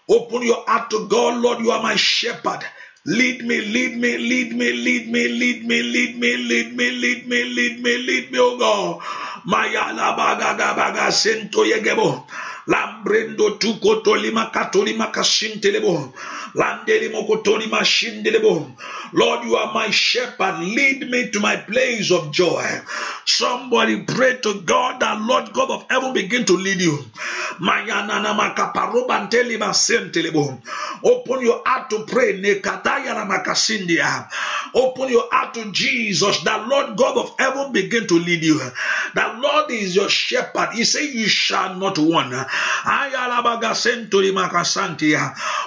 Open your heart to God, Lord, you are my shepherd. Lead me, lead me, lead me, lead me, lead me, lead me, lead me, lead me, lead me, lead me, oh God. Maya la baga baga sento yegebo. Lambrendo tuko tolima katolima kashintelebo. Lord, you are my shepherd. Lead me to my place of joy. Somebody pray to God that Lord God of heaven begin to lead you. Open your heart to pray. Open your heart to Jesus. That Lord God of heaven begin to lead you. That Lord is your shepherd. He said, You shall not want.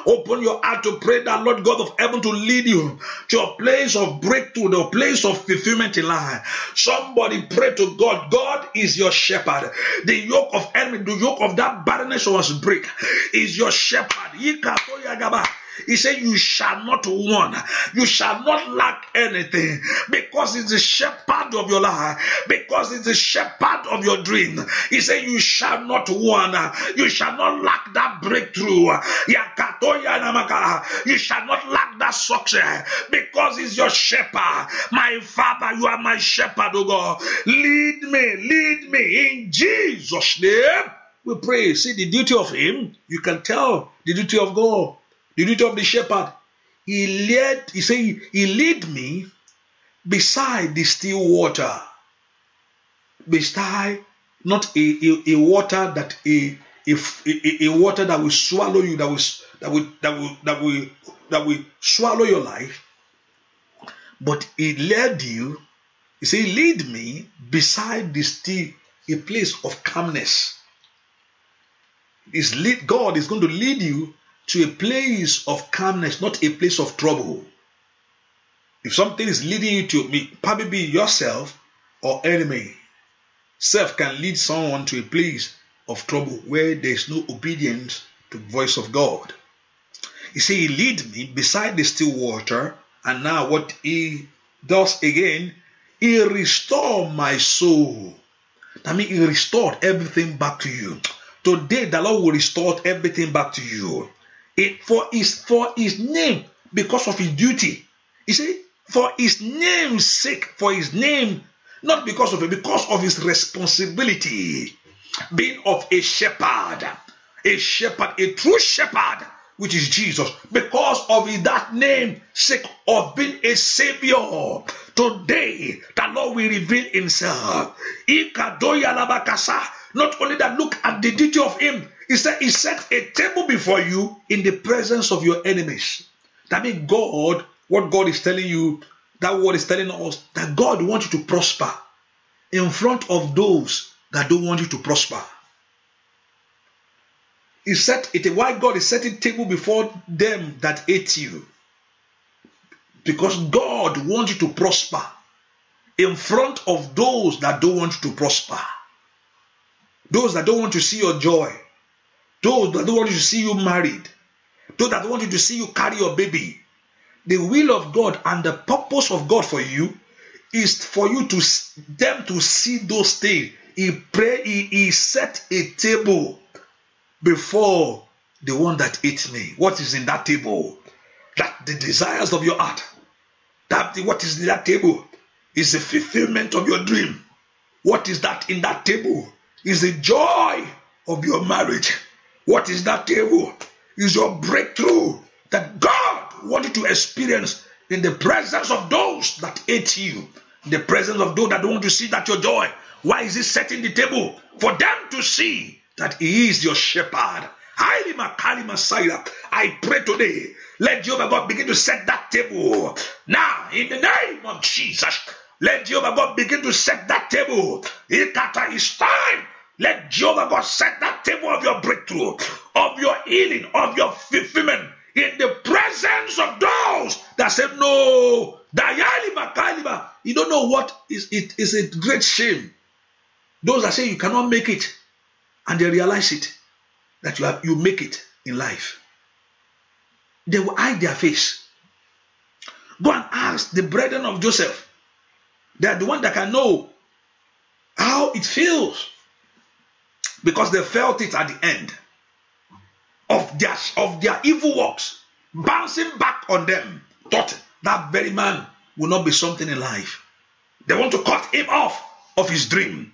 Open your heart to pray that Lord God of heaven to lead you to a place of breakthrough, the a place of fulfillment in life. Somebody pray to God. God is your shepherd. The yoke of enemy, the yoke of that barrenness was break. Is your shepherd. He said, You shall not want, you shall not lack anything because it's the shepherd of your life, because it's the shepherd of your dream. He said, You shall not want, you shall not lack that breakthrough. You shall not lack that success because it's your shepherd. My father, you are my shepherd, oh God. Lead me, lead me in Jesus' name. We pray. See the duty of Him, you can tell the duty of God. The duty of the shepherd. He led, he said, he lead me beside the still water. Beside not a, a, a water that a, a, a, a water that will swallow you, that will that will that will that will that will swallow your life. But he led you, he said, lead me beside the still a place of calmness. Is lead God is going to lead you to a place of calmness, not a place of trouble. If something is leading you to probably be yourself or enemy, self can lead someone to a place of trouble where there is no obedience to the voice of God. You see, He lead me beside the still water, and now what He does again, He restore my soul. I mean, He restored everything back to you. Today, the Lord will restore everything back to you. It for his for his name, because of his duty. You see, for his name's sake, for his name, not because of it, because of his responsibility, being of a shepherd, a shepherd, a true shepherd, which is Jesus, because of that name sake of being a savior. Today, the Lord will reveal himself. Not only that, look at the duty of him, he said, He set a table before you in the presence of your enemies. That means God, what God is telling you, that word is telling us that God wants you to prosper in front of those that don't want you to prosper. He set it why God is setting table before them that hate you. Because God wants you to prosper in front of those that don't want you to prosper. Those that don't want to see your joy. Those that don't want you to see you married, those that don't want you to see you carry your baby, the will of God and the purpose of God for you is for you to them to see those things. He pray, he, he set a table before the one that eats me. What is in that table? That the desires of your heart. That the, what is in that table is the fulfillment of your dream. What is that in that table? Is the joy of your marriage. What is that table? Is your breakthrough that God wanted to experience in the presence of those that hate you, in the presence of those that don't want to see that your joy. Why is He setting the table for them to see that He is your shepherd? I pray today, let Jehovah God begin to set that table now in the name of Jesus. Let Jehovah God begin to set that table. It's time let Jehovah God set that table of your breakthrough, of your healing, of your fulfillment in the presence of those that said no. You don't know what is it is a great shame. Those that say you cannot make it, and they realize it that you have you make it in life. They will hide their face. Go and ask the brethren of Joseph. They are the one that can know how it feels because they felt it at the end of their, of their evil works bouncing back on them thought that very man will not be something in life. They want to cut him off of his dream.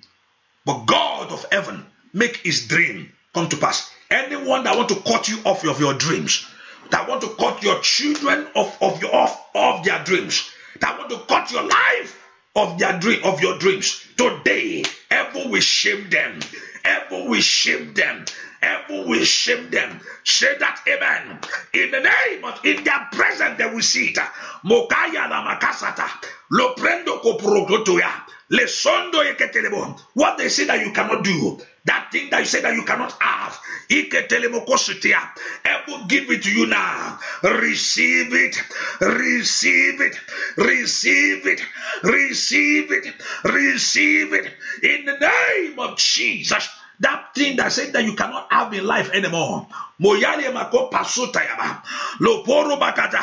But God of heaven, make his dream come to pass. Anyone that want to cut you off of your dreams, that want to cut your children off of your off of their dreams, that want to cut your life of their dream of your dreams, today heaven will shame them. Ever we shame them. Ever we shame them. Say that, Amen. In the name of, in their presence, they will see it. Mokaya la makasata. Lo prendo koprogotoya. Le sondo eketelebo. What they say that you cannot do, that thing that you say that you cannot have, eketelemokositia. Evil give it to you now. Receive it. Receive it. Receive it. Receive it. Receive it. In the name of Jesus. That thing that said that you cannot have in life anymore. Moyale mako pasuta yaba. Loporo bakata.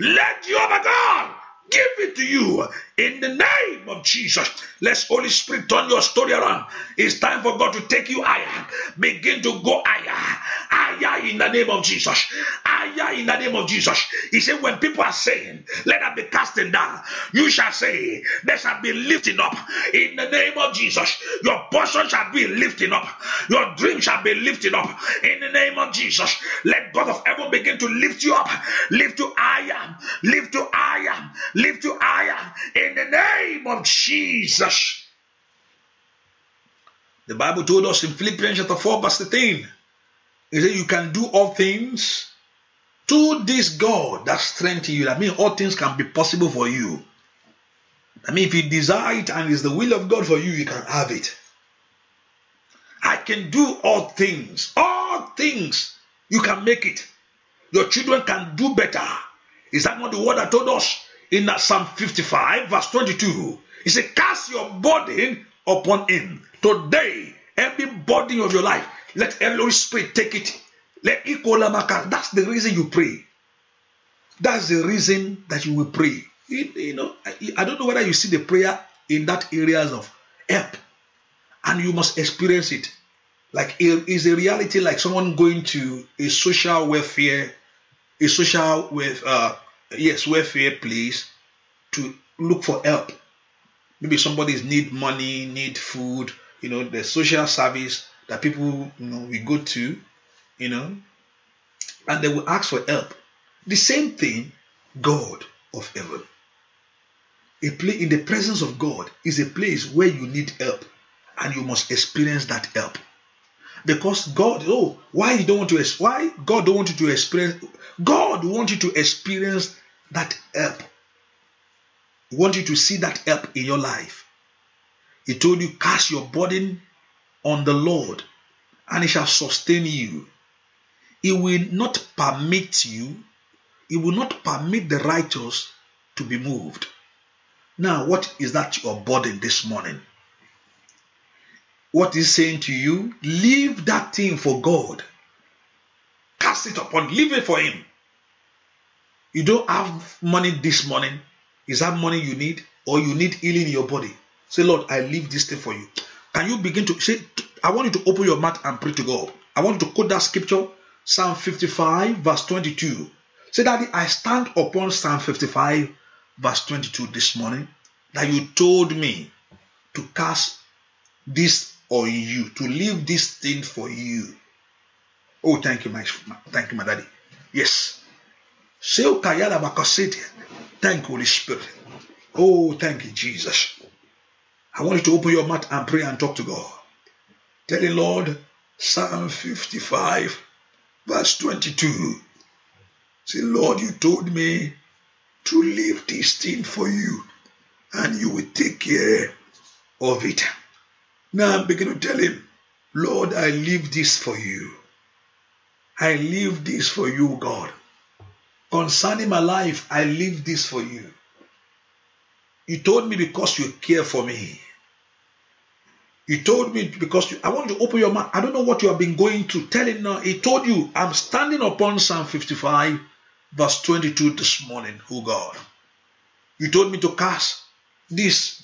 Let your God give it to you in the name of Jesus, let Holy Spirit turn your story around. It's time for God to take you higher. Begin to go higher. Higher in the name of Jesus. Higher in the name of Jesus. He said, when people are saying, let her be casting down, you shall say, they shall be lifting up. In the name of Jesus, your portion shall be lifting up. Your dream shall be lifting up. In the name of Jesus, let God of heaven begin to lift you up. Lift you higher. Lift you higher. Lift you higher in the name of Jesus. The Bible told us in Philippians chapter 4, verse 13, it said, You can do all things to this God that strengthens you. That means all things can be possible for you. I mean, if you desire it and it's the will of God for you, you can have it. I can do all things. All things. You can make it. Your children can do better. Is that not the word that told us? in Psalm 55, verse 22. He said, Cast your burden upon him. Today, every burden of your life, let every Holy Spirit take it. Let That's the reason you pray. That's the reason that you will pray. You, you know, I, I don't know whether you see the prayer in that areas of help, and you must experience it. Like it is a reality, like someone going to a social welfare, a social with uh, yes, welfare place to look for help. Maybe somebody's need money, need food, you know, the social service that people you know we go to, you know, and they will ask for help. The same thing, God of heaven. A place in the presence of God is a place where you need help and you must experience that help. Because God, oh, why you don't want to why God don't want you to experience God wants you to experience that help. I want you to see that help in your life. He told you, Cast your burden on the Lord, and He shall sustain you. He will not permit you, He will not permit the righteous to be moved. Now, what is that your burden this morning? What is saying to you? Leave that thing for God. Cast it upon, leave it for Him. You don't have money this morning. Is that money you need? Or you need healing in your body? Say, Lord, I leave this thing for you. Can you begin to say, I want you to open your mouth and pray to God. I want you to quote that scripture, Psalm 55, verse 22. Say, Daddy, I stand upon Psalm 55, verse 22 this morning, that you told me to cast this on you, to leave this thing for you. Oh, thank you, my, thank you, my daddy. Yes. Oh, thank Holy Spirit. Oh, thank you, Jesus. I want you to open your mouth and pray and talk to God. Tell him, Lord, Psalm 55, verse 22. Say, Lord, you told me to leave this thing for you, and you will take care of it. Now I'm beginning to tell him, Lord, I leave this for you. I leave this for you, God. Concerning my life, I leave this for you. You told me because you care for me. You told me because you, I want you to open your mouth. I don't know what you have been going through. Tell him now. He told you, I'm standing upon Psalm 55, verse 22 this morning. Oh God. You told me to cast this,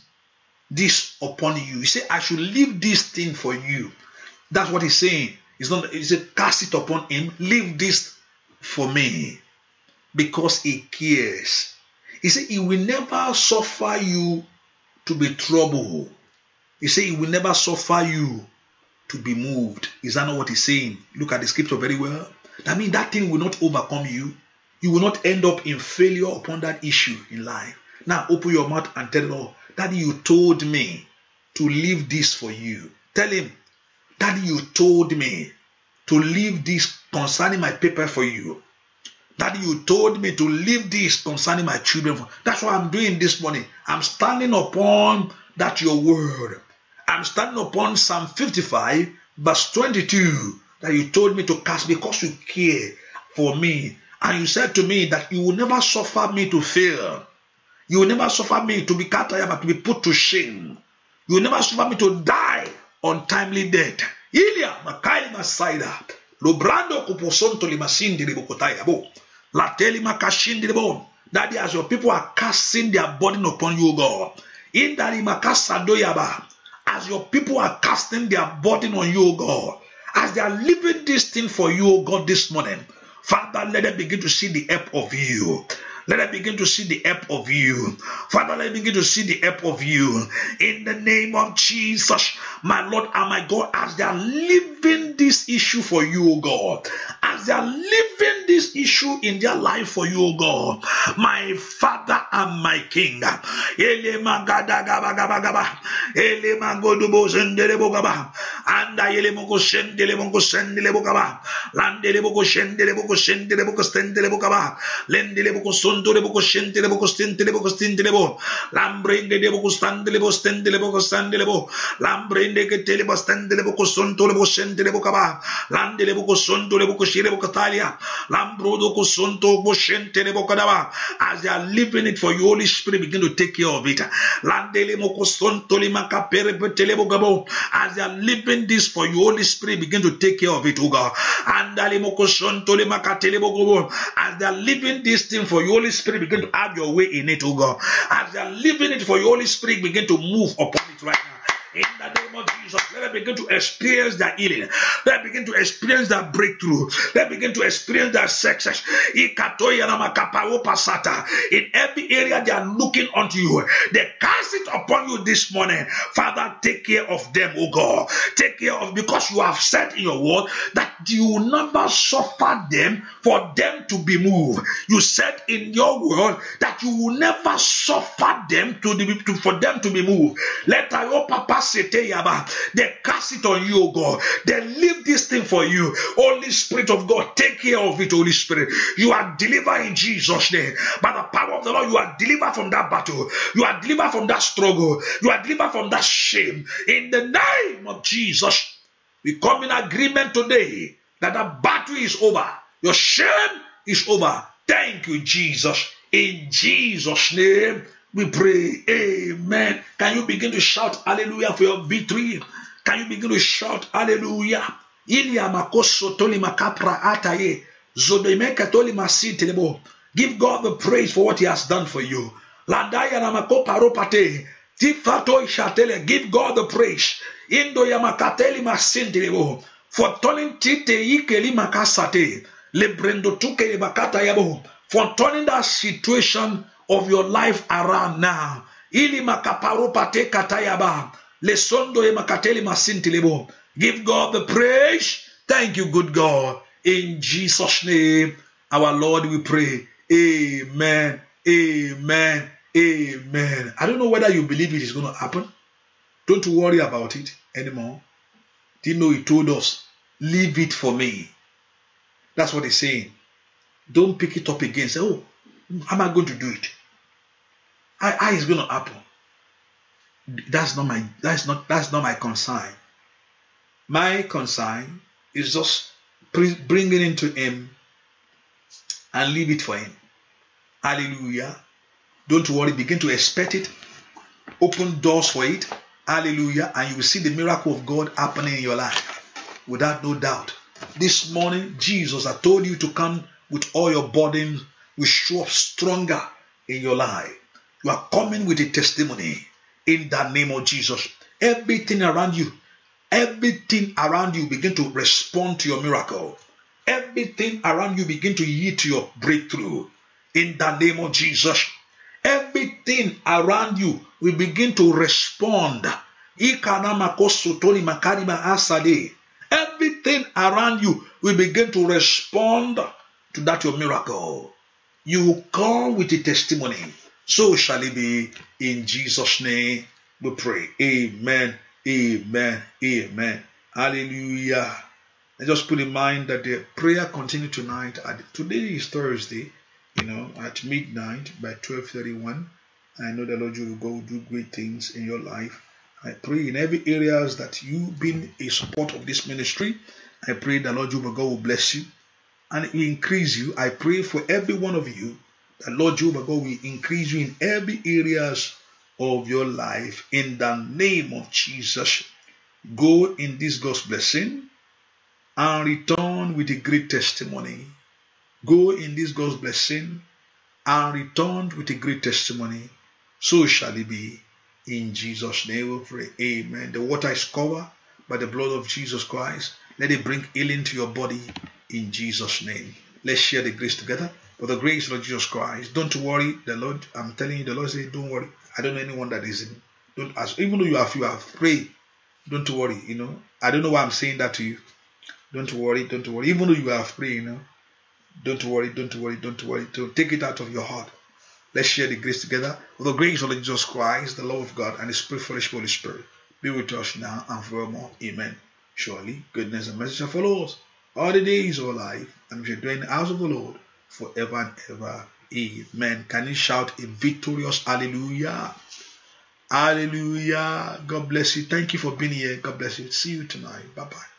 this upon you. He said, I should leave this thing for you. That's what he's saying. It's not, he said, cast it upon him. Leave this for me because he cares. He said, He will never suffer you to be troubled. He said, He will never suffer you to be moved. Is that not what he's saying? Look at the scripture very well. That means that thing will not overcome you. You will not end up in failure upon that issue in life. Now open your mouth and tell the Lord, Daddy, you told me to leave this for you. Tell him, Daddy, you told me to leave this concerning my paper for you. that you told me to leave this concerning my children. That's what I'm doing this morning. I'm standing upon that your word. I'm standing upon Psalm 55, verse 22, that you told me to cast because you care for me. And you said to me that you will never suffer me to fail. You will never suffer me to be cut but to be put to shame. You will never suffer me to die untimely death. Ilya, Makai Masaida, Lobrando Kuposonto Limasindi bo. Latelima Kashindiribon. Daddy, as your people are casting their burden upon you, God. In Darimakasadoyaba. As your people are casting their burden on you, God. As they are living this thing for you, God, this morning. Father, let them begin to see the help of you. Let I begin to see the help of you. Father, let me begin to see the help of you. In the name of Jesus, my Lord and my God, as they are living this issue for you, O God, as they are living this issue in their life for you, O God, my Father am my king. Anda yele moko sendele moko sendele bokaba. Landele moko sendele moko sendele moko stendele bokaba. Lendele moko sondole moko sendele moko stendele moko stendele bo. Lambrende de moko standele bo stendele moko standele bo. Lambrende ke tele bo stendele moko sondole moko sendele bokaba. Landele moko sondole moko shire moko talia. Lambrodo ko sonto moko sendele bokaba. As they are living it for for you, Holy Spirit, begin to take care of it. As they are living this for you, Holy Spirit, begin to take care of it, O God. As they are living this thing for you, Holy Spirit, begin to have your way in it, O God. As they are living it for you, Holy Spirit, begin to move upon it right now. In the name of Jesus, let them begin to experience that healing. Let them begin to experience that breakthrough. Let them begin to experience that success. In every area they are looking unto you, they cast it upon you this morning. Father, take care of them, O God. Take care of because you have said in your word that you will never suffer them for them to be moved. You said in your word that you will never suffer them to, the, to for them to be moved. Let our Papa they cast it on you, God. They leave this thing for you. Holy Spirit of God, take care of it, Holy Spirit. You are delivered in Jesus' name. By the power of the Lord, you are delivered from that battle. You are delivered from that struggle. You are delivered from that shame. In the name of Jesus, we come in agreement today that the battle is over. Your shame is over. Thank you, Jesus. In Jesus' name, we pray, Amen. Can you begin to shout hallelujah for your victory? Can you begin to shout hallelujah? Ilia makoso toli makapra ataye. Give God the praise for what He has done for you. Ladaya namakopa ropate. Tifato ishatele. Give God the praise. Indo yamakateli masintelebo. For turning tite ikeli makasate. Lebrendo tuke bakata yabo. For turning that situation of your life around now. Ili makaparupate katayaba. Lesondo ye makateli masintilebo. Give God the praise. Thank you, good God. In Jesus' name, our Lord, we pray. Amen. Amen. Amen. I don't know whether you believe it is going to happen. Don't worry about it anymore. Didn't know he told us, leave it for me. That's what he's saying. Don't pick it up again. Say, oh, am I going to do it? how, how is going to happen? That's not my that's not that's not my concern. My concern is just bring it into Him and leave it for Him. Hallelujah. Don't worry. Begin to expect it. Open doors for it. Hallelujah. And you will see the miracle of God happening in your life. Without no doubt. This morning, Jesus, I told you to come with all your burdens, will show up stronger in your life. You are coming with a testimony in the name of Jesus. Everything around you, everything around you begin to respond to your miracle. Everything around you begin to yield to your breakthrough in the name of Jesus. Everything around you will begin to respond. Everything around you will begin to respond to that your miracle. You will come with a testimony so shall it be in Jesus' name. We pray. Amen. Amen. Amen. Hallelujah. And just put in mind that the prayer continue tonight. At, today is Thursday, you know, at midnight by 12:31. I know the Lord you will go do great things in your life. I pray in every areas that you've been a support of this ministry. I pray the Lord will God will bless you and increase you. I pray for every one of you Lord Jehovah God will increase you in every areas of your life in the name of Jesus. Go in this God's blessing and return with a great testimony. Go in this God's blessing and return with a great testimony. So shall it be. In Jesus' name we pray. Amen. The water is covered by the blood of Jesus Christ. Let it bring healing to your body in Jesus' name. Let's share the grace together but the grace of Jesus Christ. Don't worry, the Lord. I'm telling you, the Lord said, don't worry. I don't know anyone that is not Don't ask. Even though you have you have prayed, don't worry. You know, I don't know why I'm saying that to you. Don't worry, don't worry. Even though you have prayed, you know, don't worry, don't worry, don't worry. To take it out of your heart. Let's share the grace together. With the grace of Jesus Christ, the love of God, and the Spirit, fellowship Holy Spirit, be with us now and forevermore. Amen. Surely, goodness and mercy shall follow us all the days of our life, and we shall dwell in the house of the Lord forever and ever. Amen. Can you shout a victorious hallelujah? Hallelujah. God bless you. Thank you for being here. God bless you. See you tonight. Bye bye.